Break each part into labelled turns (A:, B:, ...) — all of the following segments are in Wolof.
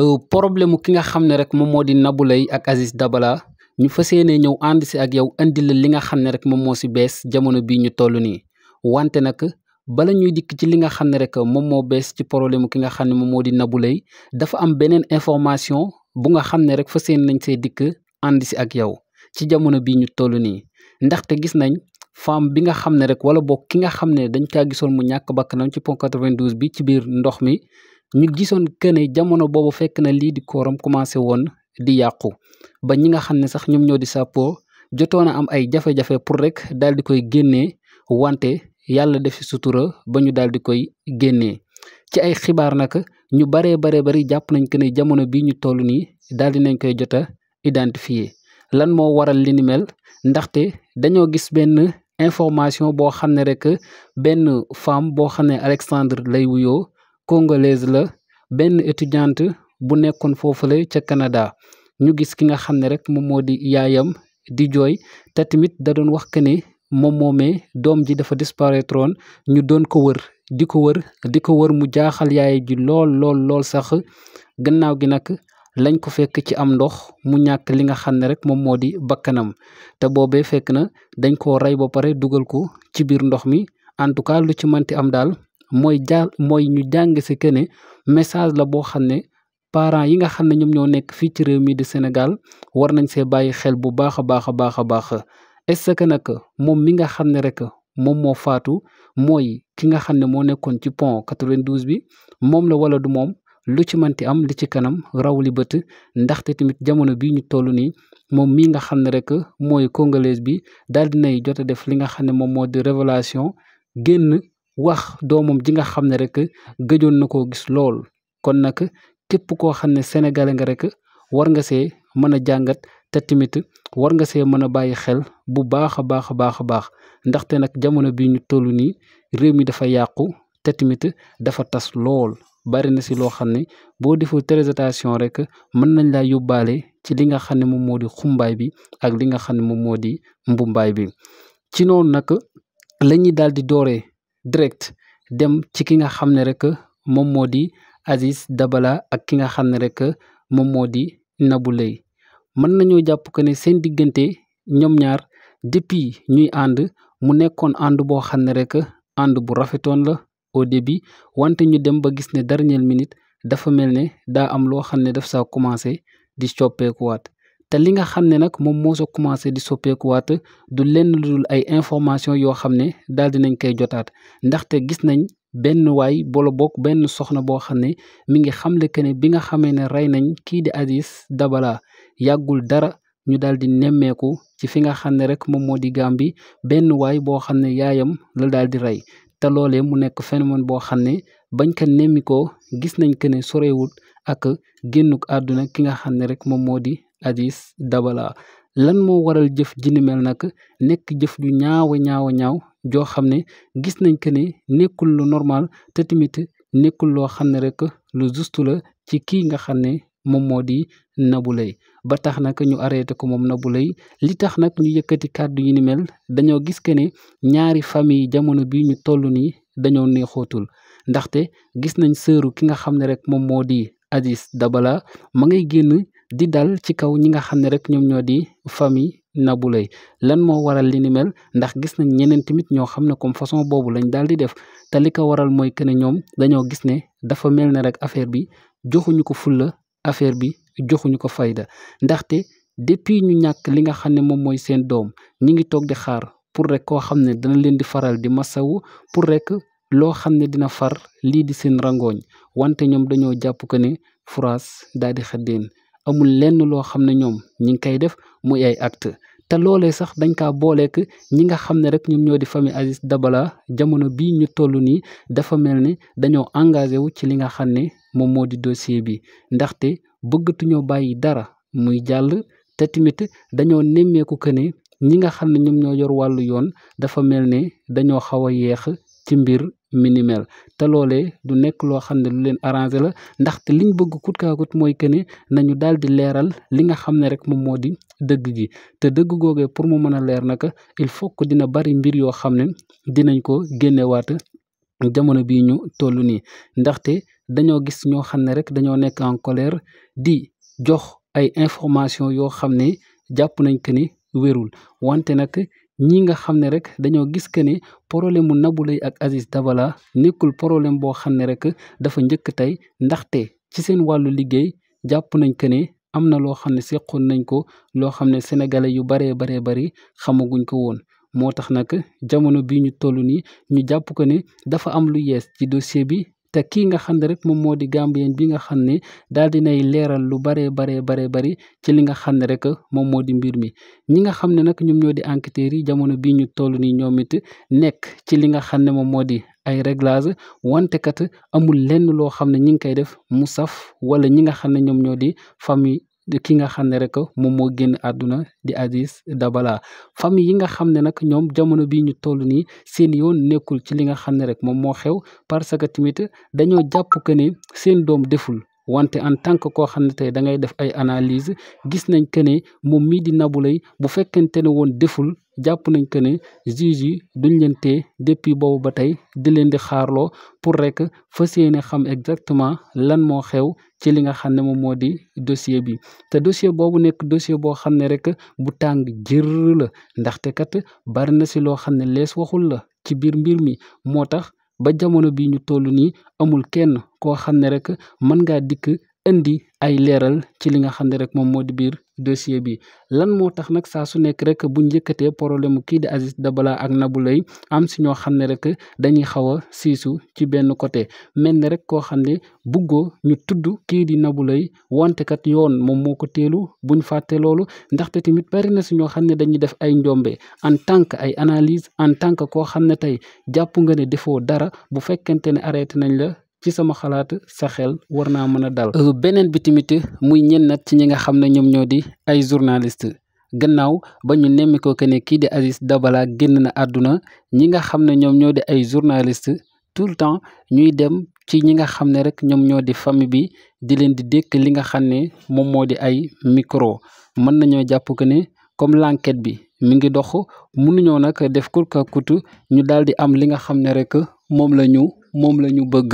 A: Euh, problème ki nga xam ne rek moom moo di Nabou Leye ak Aziz Dabala ñu fa yéene ñëw ànd ak yow indi li nga xam ne rek moom moo si bees jamono bii ñu toll nii wante nag bala ñuy dikk ci li nga xam ne rek moom moo bees ci problème ki nga xam ne moom moo di Nabou Leye dafa am beneen information bu nga xam ne rek fa yéene nañ see dikk ànd si ak yow ci jamono bii ñu toll nii ndaxte gis nañ femme bi nga xam ne rek wala boog ki nga xam ne dañ kaa gisoon mu ñàkk bakkanam ci pont 92 bi ci biir ndox mi ñu gisoon këne jamono boobu fekk na lii di kooram commencé woon di yàqu ba ñi nga xam ne sax ñoom ñoo di sàppoo jotoon a am ay jafe-jafe pour rek daal di koy génnee wante yàlla def si sutura ba ñu daal di koy génnee ci ay xibaar nag ñu baree baree bari jàpp nañ que ne jamono bii ñu toll nii daal di nañ koy jot a lan moo waral li mel ndaxte dañoo gis benn information boo xam ne rek benn femme boo xam ne Alexandre lay wuyoo congolaise la benn étudiante bu nekkoon foofule ca Canada ñu gis ki nga xam ne rek moom moo di yaayam di jooy te tamit wax que ni moom moomee doom ji dafa disparaître woon ñu doon ko wër di ko wër di ko wër mu jaaxal yaay ji lool lool sax gannaaw gi nag lañ ko fekk ci am ndox mu ñàkk li nga xam ne rek moom moo di bakkanam te boobe fekk na dañ koo rey ba pare dugal ko ci biir ndox mi en tout cas lu ci mënti am daal mooy jaa mooy ñu jàng si que ne message la boo xam ne parents yi nga xam ne ñoom ñoo nekk fii ci réew mii di Sénégal war nañ see bàyyi xel bu baax a baax a baax a baax est-ce que nag moom mi nga xam ne rek moom moo faatu mooy ki nga xam ne moo nekkoon ci pont 92 bi moom la wala du moom lu ci manti am li ci kanam raw li bët ndaxte tamit jamono bii ñu toll nii moom mii nga xam ne rek mooy congolaise bi daal dinay jot def li nga xam ne moom moo de révélation génn wax doomam ji nga xam ne rek gëjoon na koo gis lool kon nag képp koo xam ne sénégal nga rek war nga see mën a jàngat te tamit war nga see mën a bàyyi xel bu baax a baax a baax a baax ndaxte nag jamono bi ñu toll nii réew mi dafa yàqu te tamit dafa tas lool bari na si loo xam ne boo deful trésitation rek mën nañ laa yóbbaale ci li nga xam ne moom moo di xumbaay bi ak li nga xam ne moom moo di mbumbaay bi ci noonu nag la ñuy daal di dooree direct dem ci ki nga xam ne rek moom moo di Aziz Dabala ak ki nga xam ne rek moom moo di Nabou Leye mën nañoo jàpp que ne seen diggante ñoom ñaar depuis ñuy ànd mu nekkoon ànd boo xam ne rek ànd bu rafetoon la au début wante ñu dem ba gis ne dernière minute dafa mel ne daa am loo xam ne daf saa commencé di coppeekuwaat te li nga xam ne nag moom moo sa commencé di soppeeku waat du lenn lu ay information yoo xam ne daal nañ koy jotaat ndaxte gis nañ benn waay bolo bokk benn soxna boo xam ne mi ngi xamle que ne bi nga xamee ne rey nañ kii di Aziz Dabala yàggul dara ñu daal di nemmeeku ci fi nga xam ne rek moom moo di Gàmbi benn waay boo xam ne yaayam la daal di rey te loole mu nekk phénomène boo xam ne bañ ko nemmi gis nañ que ne sorewul ak génnuk àdduna ki nga xam ne rek moom moo di Aziz Dabala lan moo waral jëf ji mel nag nekk jëf yu ñaawa ñaaw ñaaw joo xam ne gis nañ que ne nekkul lu normal te tamit nekkul loo xam ne rek lu justu la ci kii nga xam ne moom moo di Nabou Leye ba tax nag ñu arrêté ko moom Nabou Leye li tax nag ñu yëkkati kàddu yi ni mel dañoo gis que ne ñaari famille jamono bi ñu toll nii dañoo neexootul ndaxte gis nañ sëru ki nga xam ne rek moom moo di Aziz Dabala ma ngay génn di dal ci kaw ñi nga xam ne rek ñoom ñoo di famille nabu Leye lan moo waral li ni mel ndax gis nañ ñeneen tamit ñoo xam ne comme façon boobu lañ daal di def te li ko waral mooy que ne ñoom dañoo gis ne dafa mel ne rek affaire bi joxuñu ko fulla affaire bi joxuñu ko fayda ndaxte depuis ñu ñàkk li nga xam ne moom mooy seen doom ñi ngi toog di xaar pour rek koo xam ne dana leen di faral di masawu pour rek loo xam ne dina far lii di seen rangooñ wante ñoom dañoo jàpp que ne France daal di xëddeen mu lenn loo xam ne ñoom ñi ngi koy def muy ay acte te loole sax dañ kaa booleek ñi nga xam ne rek ñoom ñoo di famille Aziz Dabala jamono bii ñu toll nii dafa mel ni dañoo engagé wu ci li nga xam ne moom moo di dossier bi ndaxte bëggatuñoo bàyyi dara muy jàll te tamit dañoo nemmeeku que ne ñi nga xam ne ñoom ñoo yor wàllu yoon dafa mel ne dañoo xaw a ci mbir mi ni te loolee du nekk loo xam ne lu leen arrangé la ndaxte liñ bëgg kut kaakut mooy que ne nañu daal di leeral li nga xam ne rek moom moo di dëgg ji te dëgg googee pour mu mën a leer naka il faut que dina bari mbir yoo xam ne dinañ ko génnewaat jamono bii ñu toll nii ndaxte dañoo gis ñoo xam ne rek dañoo nekk en colère di jox ay information yoo xam ne jàpp nañ que ni wante nag ñi nga xam ne rek dañoo gis que ni problème mu Nabou Leye ak Aziz Dabala nekkul problème boo xam ne rek dafa njëkk tey ndaxte ci seen wàllu liggéey jàpp nañ que ni am na loo xam ne seqoon nañ ko loo xam ne sénégalais yu baree baree bari xamaguñ ko woon. moo tax nag jamono bii ñu toll nii ñu jàpp ko ne dafa am lu yees ci dossier bi te kii nga xam ne rek moom moo di gambien bi nga xam ne daal nay leeral lu baree baree baree bari ci li nga xam ne rek moom moo di mbir mi ñi nga xam ne nag ñoom ñoo di enquêteurs yi jamono bii ñu toll nii ñoom it nekk ci li nga xam ne moom moo di ay réglage wante kat amul lenn loo xam ne ñi ngi koy def mu saf wala ñi nga xam ne ñoom ñoo di famille ki nga xam ne rek moom moo génn àdduna di Aziz Dabala famille yi nga xam ne nag ñoom jamono bii ñu toll nii seen yoon nekkul ci li nga xam ne rek moom moo xew parce que tamit dañoo jàpp que ni seen doom deful. wante en tant que koo xam ne tey da ngay def ay analyse gis nañ que ne moom mii di Nabou Leye bu fekkente ne woon deful jàpp nañ que ne juges yi duñ leen téye depuis boobu ba tey di leen di xaarloo pour rek fas yéene xam exactement lan moo xew ci li nga xam ne moom moo di dossier bi te dossier boobu nekk dossier boo xam ne rek bu tàng jër la ndaxte kat bari na si loo xam ne lees waxul la ci biir mbir mi moo tax ba jamono bi ñu toll nii amul kenn koo xam ne rek mën ngaa dikk indi ay leeral ci li nga xam ne rek moom moo di biir dossier bi lan moo tax nag saa su nekk rek buñ yëkkatee problème kii di Aziz Dabala ak Nabou Leye am si ñoo xam ne rek dañuy xaw a siisu ci benn côté mel ne rek koo xam ne buggoo ñu tudd kii di Nabou Leye wante yoon moom moo ko teelu buñ fàtte loolu ndaxte tamit bari na si ñoo xam ne dañuy def ay njombe en tant que ay analyse en tant que koo xam ne tey jàpp nga ne defoo dara bu fekkente ne arrêté nañ la ci sama xalaat sa xel war naa mën a dal. Euh, beneen bi muy ñenn nag ci ñi nga xam ne ñoom ñoo di ay journaliste gannaaw ba ñu nemmi ko que ne kii di Aziz Dabala génn na àdduna ñi nga xam ne ñoom ñoo di ay journaliste tout le temps ñuy dem ci ñi nga xam ne rek ñoom ñoo di famille bi di leen di dékk li nga xam ne moom moo di ay micro mën nañoo jàpp que ne comme l'enquête bi mi ngi dox mënuñoo nag def kurkakutu ñu daal di am li nga xam ne rek moom la ñu. moom la ñu bëgg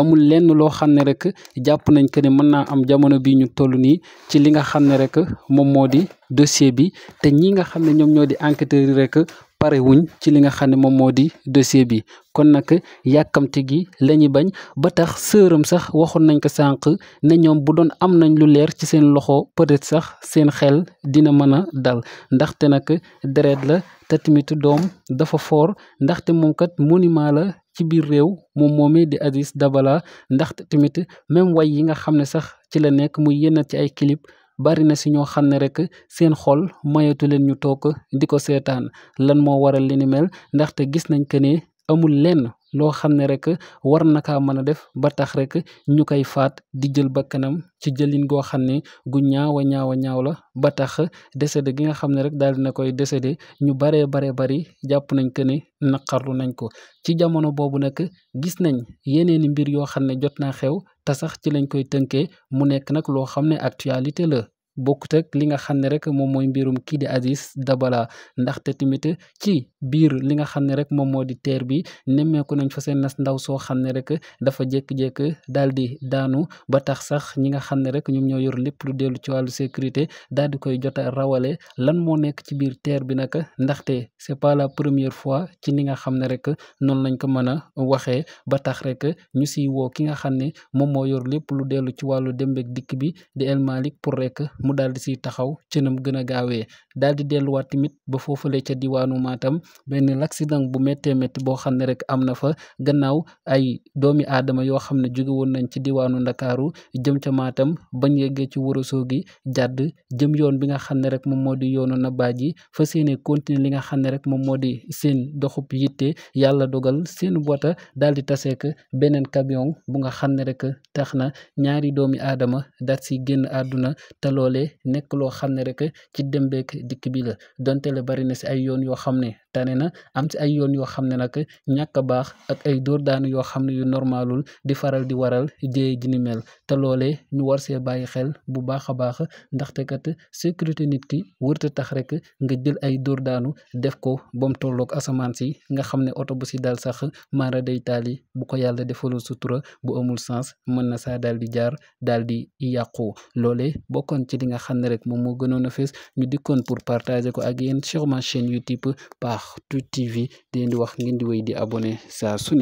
A: amul lenn loo xam ne rek jàpp nañ que ne mën naa am jamono bi ñu toll nii ci li nga xam ne rek moom moo di dossier bi te ñi nga xam ne ñoom ñoo di enquêteurs yi rek parewuñ ci li nga xam ne moom moo di dossier bi kon nag yàkkamte gi la ñuy bañ ba tax sëram sax waxoon nañ ko sànq ne ñoom bu doon am nañ lu leer ci seen loxo peut-être sax seen xel dina mën a dal ndaxte nag deret la te tamit doom dafa foor ndaxte moom kat monument la ci biir réew moom moomee di Aziz Dabala ndaxte tamit même way yi nga xam ne sax ci la nekk mu yenn ci ay clip bari na si ñoo xam ne rek seen xool mayatu leen ñu toog di ko seetaan lan moo waral leen ni mel ndaxte gis nañ que ne amul lenn loo xam ne rek war na kaa mën a def ba tax rek ñu koy faat di jël bakkanam ci jëlin goo xam ne gu ñaawa ñaawa ñaaw la ba tax décédé gi nga xam ne rek daal dina koy décédé ñu baree bare bari jàpp nañ ko ne naqarlu nañ ko ci jamono boobu nag gis nañ yeneeni mbir yoo xam ne jot naa xew te sax ci lañ koy tënkee mu nekk nag loo xam ne actualité la bokkut li nga xam ne rek moom mooy mbirum kii di Aziz Dabala ndaxte tamit ci biir li nga xam ne rek moom moo di teer bi nemmeeku nañ fa seen nas ndaw soo xam ne rek dafa jékki daal di daanu ba tax sax ñi nga xam ne rek ñoom ñoo yor lépp lu dellu ci wàllu sécurité daal di koy jot rawale lan moo nekk ci biir teer bi nag ndaxte c'est pas la première fois ci ni nga xam ne rek noonu lañ ko mën a waxee ba tax rek ñu siy woo ki nga xam ne moom moo yor lépp lu dellu ci wàllu dem ak dikk bi di El pour rek mu daal di siy taxaw ci nam gën a gaawee daal di delluwaat tamit ba foofale ca diwaanu Matam benn l'accident bu méttee métti boo xam ne rek am na fa gannaaw ay doomi aadama yoo xam ne jóge woon nañ ci diwaanu Ndakaaru jëm ca maatam bañ yeggee ci warasoo gi jàdd jëm yoon bi nga xam ne rek moom moo di yoonu na baaj fa seene continuer li nga xam ne rek moom moo di seen doxub yitte yàlla dogal seen wata daal di taseek beneen camion bu nga xam ne rek tax na ñaari doomi aadama daal si génn àdduna te loolee nekk loo xam ne rek ci dem beek dikk bi la donteele bari na si ay yoon yoo xam ne tane na am si ay yoon yoo xam ne nag ñàkk a baax ak ay door daanu yoo xam ne yu normalul di faral di waral jéye ji ni mel te loole ñu war see bàyyi xel bu baax a baax ndaxte kat sécurité nit ki wërta tax rek nga jël ay dóor daanu def ko bam tolloog asamaan si nga xam ne oto bu si dal sax maara day taali bu ko yàlla defalul sutura bu amul sens mën na saa daal di jaar daal nga xam ne rek moom moo gënoon a fees ñu dikkoon pour partager ko ak yéen sur ma chaîne YouTube Partout TV di leen di wax ngeen di wéy di abonné saa su